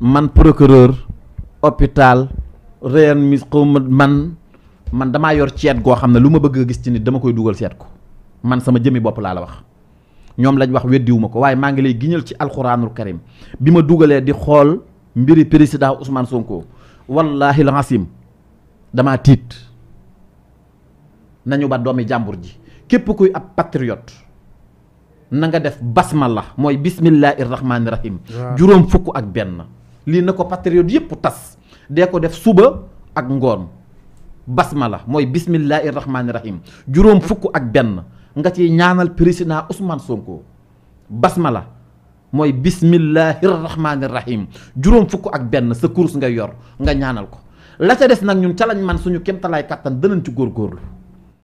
man procureur hôpital réen mi xaw ma man man damaa yor ceet goo xam ne lu ma bëgg a gis ci nit dama koy dugal seet ko man sama jëmi bopp laa la wax ñoom lañ wax weddiwu ma ko waaye maa ngi lay giñal ci alxuraanul karim bi ma dugalee di xool mbiri président Ousmane Sonko wallaahi lancim damaa tiit nañu ba doomi jàmbur ji képp kuy ab patriote na nga def basmala mooy bismillahi rahmaani rahim juróom fukk ak benn lii na ko patriote yëpp tas de ko def suba ak ngoon basmala mooy bismillahi rahmaani rahim juróom fukk ak benn nga ci ñaanal président Ousmane Sonko basmala mooy bismillahi rahmaani rahim juróom fukk ak benn sa course nga yor nga ñaanal ko la ca des nag ñun ca man suñu kéemtalaay kattan danañ ci góor góorlu